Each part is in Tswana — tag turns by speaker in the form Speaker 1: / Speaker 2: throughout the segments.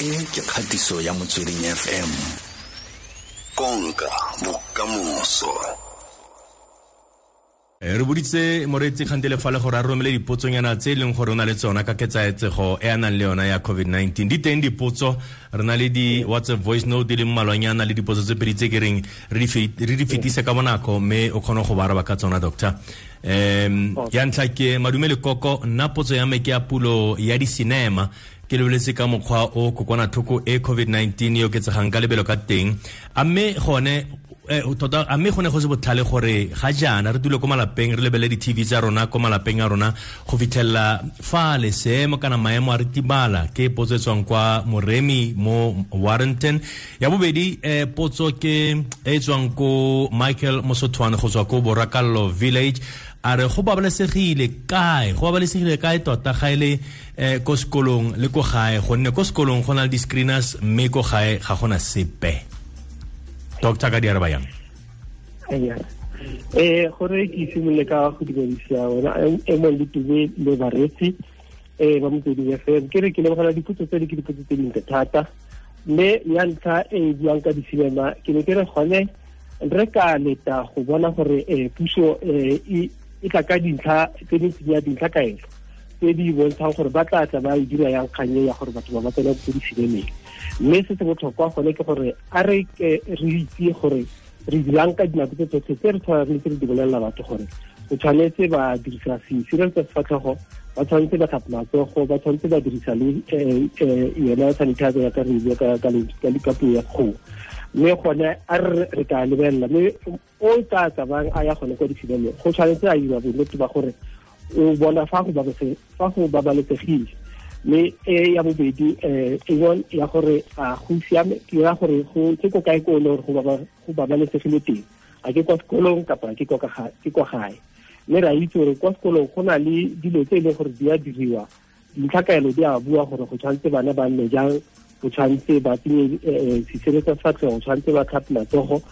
Speaker 1: e ke kgatiso ya motsweding fm konka bokamoso re boditse moreetsi kgante fa le gore a romele dipotsonyana tse e leng gore o na le tsona ka ketsaetsego e a nang le yona ya covid-19 di teng dipotso re na le di-whatsapp voice note di leng mmalwanyana le dipotso tse pedi tse ke reng re di fetise ka bonako mme o kgone go baraba ka tsona doctor um ya ntlha ke madume koko nna potso ya me ke ya pulo ya di-cinema ke lebeletse ka mokgwa o kokwanathoko e covid-19 e oketsegang ka lebelo ka teng a mme gone Eh, tota a mme go ne go se botlhale gore ga jaana re dule ko malapeng re lebelele di-tv tsa rona ko malapeng a rona go fitlhelela fa le kana maemo a re tibala ke potso e tswang kwa moremi mo warrington ya bobedi um potso ke e tswang ko michael mosotwane go tswa ko borakallo village a re go babalesegile kae go babalesegile kae tota ga e le eh, ko sekolong le ko gae gonne ko sekolong go na le di-screeners mme ko gae ga gona sepe doctor ka diarabayang
Speaker 2: eh gore ke simolole ka go dumedisa ona e-, e mong le tume le baretsi eh ba motswedi fm ke re ke lebogela dipotso tse di ke dipotso tse dintle thata mme ya ntlha e buang ka di-cinema ke ne ke re gone re ka leta go bona gore um puso um e tla ka dintlha tse dintsinya dintlha kaelo tse di bontshang gore ba tla tla ba e dira yang kganye ya gore batho ba ba tsena ko difilemeng mme se se botlhokwa gone ke gore a re eh, re itse gore re dirang ka dinako tse tsotlhe tse re tshwanang re di bolelela batho gore o tshwanetse ba dirisa sesiren tsa sefatlhego ba tshwanetse ba tlhapa matsogo ba tshwanetse ba dirisa le eh, eh, yona sanitizer ya ka re e bua ka puo ya kgogo mme gone a re ka lebelela mme o tla tsabang a ya gone kwa difilemeng go tshwanetse a dira bonnete ba gore o bona fa go babalesegile mme e ya bobedi um ya gore a go siame ke ya gore ke ko kae ko e le gore go babalesegile teng a ke kwa sekolong kapa ke kwa gae mme re a itse gore kwa sekolong go na le dilo tse e leng gore di a diriwa ditlhakaelo di a bua gore go tshwanetse bana ba nne jang go tshwanetse ba tsenye eh, setsheletsa sefatlhego go tshwanetse ba tlhapi matsogo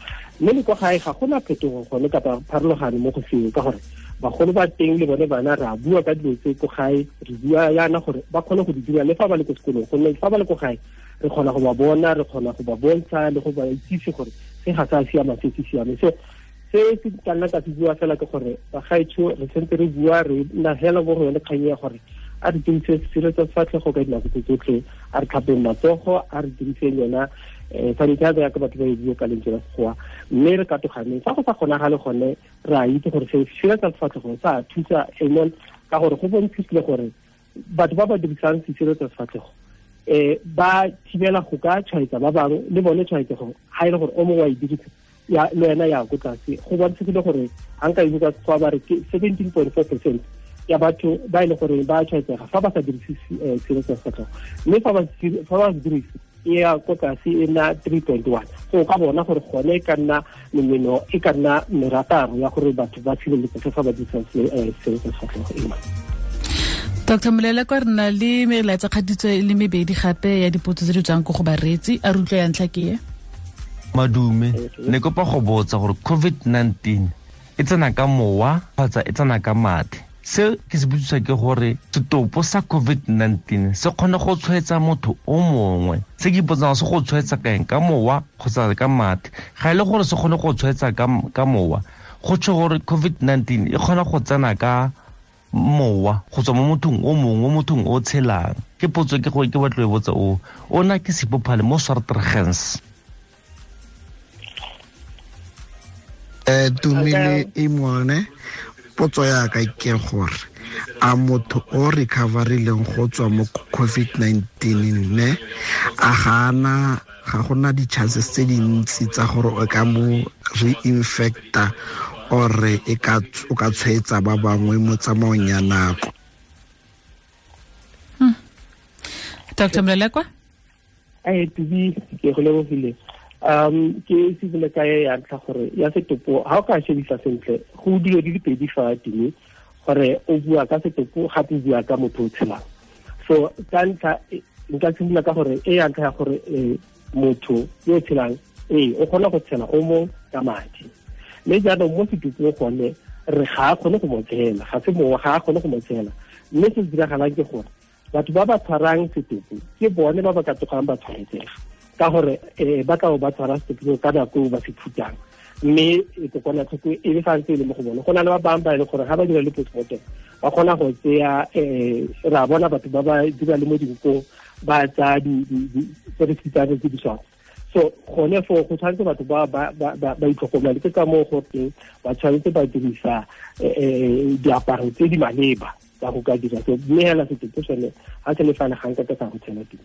Speaker 2: mme le kwa gae ga gona phetogo gone kapa pharologane mo go seng ka gore bagolo ba teng le bone bana re a bua ka dilo tse ko gae re bua yana gore ba kgone go di dira le fa ba le ko sekolong gonne fa ba le ko gae re kgona go ba bona re kgona go ba bontsha le go ba itsise gore se ga sa siama se se siame so se se ka nna ka se bua fela ke gore bagaetsho re sentse re bua re nna fela bo go yone kgang ya gore a re dirise seretsa sefatlhego ka dinako tse tsotlhe a re tlhapeng matsogo a re diriseng yona tshwanetse eh, a jaaka batho ba e bua ka lentswe la sekgowa mme re ka toganeng fa go sa le gone re a itse gore se feleletsa sefatlhegong sa thusa anon ka gore go bontshitile gore batho ba ba dirisang setsireletsa sefatlhego um ba thibela go ka tshwaetsa ba bangwe le bone tshwaetsego ga e le gore o mongwe wa e dirisa le wena ya ko tlase go bontshitile gore ga nka e buka kwa ba re ke seventeen point four percent ya batho ba e le gore ba tshwaetsega fa ba sa dirise eh, setsireletsa sefatlhego mme fa ba se dirise e ya ko tlase e na three point one so ka bona gore gone e ka nna memeno e ka nna merataro ya gore batho ba tshireletsege fa ba dirisa sefatlhego eno
Speaker 3: dr molele kwa re na le melaetsa kgaditso e le mebedi gape ya dipotso tse di tswang ko go bareetsi a re utlwa ya ntlha ke e
Speaker 1: madume eh, ne kopa go botsa gore covid-19 e tsena ka mowa kgotsa e tsena ka mathe se ke
Speaker 2: se botsisa ke gore setopo sa covid-19 se kgone go tshwaetsa motho o mongwe se ke ipotsang se go tshwaetsa kaeng ka mowa kgotsa ka mathe ga e le gore se kgone go tshwaetsa ka mowa go tsho gore covid-19 e kgona go tsena ka mowa go tswa mo mothong o mongwe mo mothong o tshelang ke potso ke go ke batlo e botsa o ona ke sepophale mo swartergens um eh, tumile e ngwane potso ya ka ke gore a motho o recoverileng go tswa mo covid-19 ne a gana ga gona di-chances tse dintsi tsa gore o ka mo reinfecta ore e o ka tshwetsa ba bangwe mo tsamaong ya nako
Speaker 3: hmm. dr mlelekwa
Speaker 2: ke go lebogile um ke season ka ya ntlha gore ya setopo ga o ka shebisa sentle go dilo di le pedi fa dine gore o bua ka setopo gape o bua ka motho o tshelang so ka ntlha e, nka simolola ka gore e ya ntlha ya gore e, motho yo o tshelang ee o kgona go tshela o mo ka madi mme jaanong mo setopong gone re ga a kgone go mo tshela ga se mongwe ga a kgone go mo tshela mme se se diragalang ke gore batho ba ba tshwarang setopo ke bone ba ba ka tsogang ba tshwaretsega ka gore um eh, ba tla ba tshwara setokiseo ka nako ba se phutang mme tlhoko eh, e le santse e le mo go bone go na le ba bangwe ba e le gore ga ba dira le postmortem ba kgona go tseya um ra bona batho ba ba dira le mo dinkong ba tsaya tsa tsedisitsane tse di swang so gone foo go tshwanetse batho ba itlhokomela ke ka moo goreng ba tshwanetse ba dirisa um diaparo tse di maleba tsa go ka dira so mme hela setsetse ga se le fane gang ka sa go tshela teng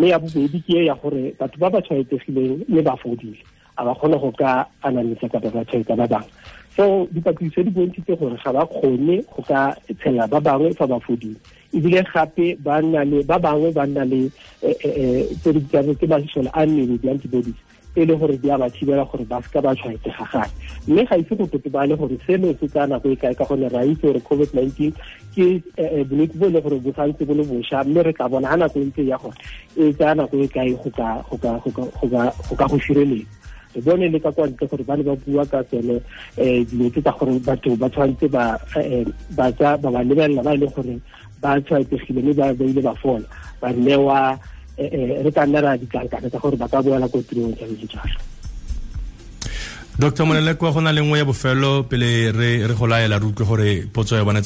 Speaker 2: me ya bobedi ke e ya gore batho ba ba tshwaetsegileng le ba fodile a ba kgone go ka anamisa kapa ba tshwaetsa ba bangwe so dipatlisiso di bontshitse gore ga ba kgone go ka tshela ba bangwe fa ba fodile ebile gape ba nna le ba bangwe ba nna le eh, eh, eh, tse di ke masole a mmele di-antibodies e le gore di a ba thibela gore ba seka ba tshwaetsega gape mme ga ise go totobale gore seno se tsaya nako e kae ka gonne ra itse gore covid-19 ke eh, bolwetse bo e le gore bo santse bo le bošwa mme re tla bona ga nako e ntse ya gore e tsaya nako e kae go ka go sireletsa re bone le ka kwa ntle gore ba ne ba bua ka tsone um eh, dilotse tsa gore batho ba tshwanetse ba eh, ba lebelela ba e leng gore ba tshwaetsegile mme ba ile ba fola ba newa E, e, re ka nna ra ditlankana tsa gore ba ka boela ko tirong jalo le jalo
Speaker 1: doctor moneleko go na le ya bofelo pele re re re utlwe gore potso ya bone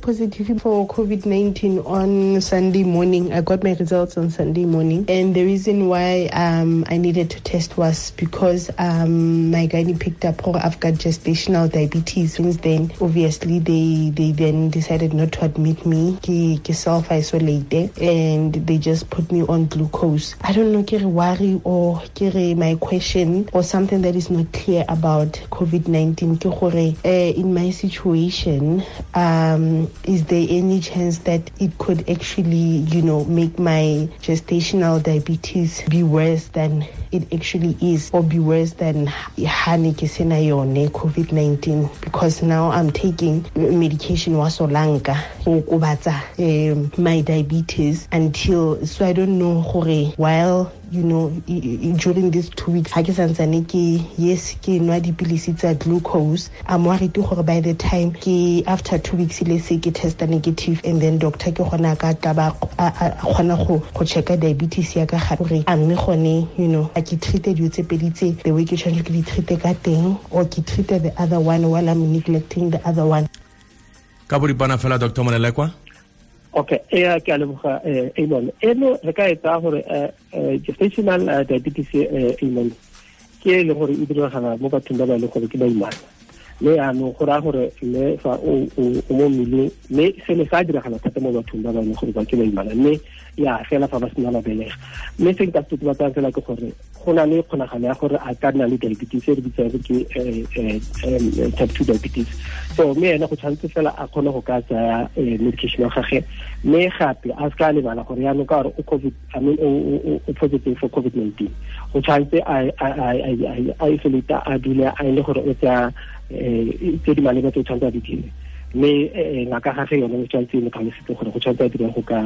Speaker 3: positive for covid-19 on sunday morning i got my results on sunday morning and the reason why um, i needed to test was because um, my gynae picked up gore i've got gestational diabetes since then obviously they, they then decided not to admit me ke, ke self-isolate and they just put me on glucose i don't know ke re worry or ke re my question or something that is not clear about COVID-19 uh, eh, in my situation um, is there any chance that it could actually you know make my gestational diabetes be worse than it actually is or be worse than ha ne yone COVID-19 because now I'm taking medication wasolanka solanka eh, my diabetes until so I don't know gore while you know during these two weeks ga ke santsane ke yes ke nwa dipilisi tsa glucose i'm worried gore by the time ke after two weeks le se ke testa negative and then doctor ke gona ka taba a kgona go checka diabetes ya ka ga gore a mme gone you know a ke treate dio tse pedi tse the way ke tshwanetse ke di treate ka teng or ke treate the other one while i'm neglecting the other one
Speaker 1: ka boripana fela dr molelekwa
Speaker 2: okay e ke a leboga e, amon eno re ka etsa gore e, e, gestational diabetes amon ke e leng gore e diragala mo bathong ba ba leng gore ke baimana mme yaanong go raya gore mme fa o mo mmeleng mme seno sa diragala thata mo bathong ba bangwe gore ba ke baimana mme ya fela fa ba sena ba belega mme se nka ba totobatsang fela ke gore go na le kgonagalo ya gore a ka nna le diabetes e re bitsang ke eh, eh, eh, type two diabetes so mme ene go tshwanetse fela a kgone go ka tsaya medication ya gage mme gape a se ka lebala gore yaanong ka gore o covid i o positive for covid 19 go tshwanetse a isolate a dule a le gore o tsaya Eh, tse di maleba tse o tshwanetse a di dire mme eh, eh, ngaka gage yone o e tshwanetse le tlhalosetse gore go tshwanetse a dirang go ka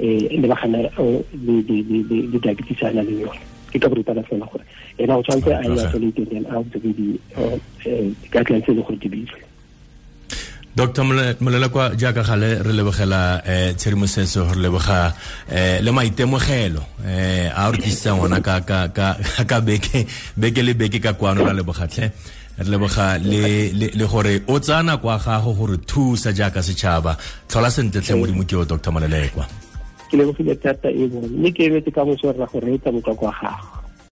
Speaker 2: lebagana le diabetes a na le yone ke ka borutana fela gore ena o tshwanetse a isolate e then a observe di-guidelines tse e le gore di beilwe
Speaker 1: dr kwa jaaka gale re lebogela um tshedimosetso re leboga um le maitemogelo um a re tlisitsang ona ka beke le beke ka kwano la lebogatlhe re leboga le gore o tsaya kwa gago gore thusa jaaka setšhaba tlhola sentletlhe modimo ke yo dr malelekwa
Speaker 2: ke lebogile thata e bone mme ke ebetse ka moso rra go reetsa motswa kwa gago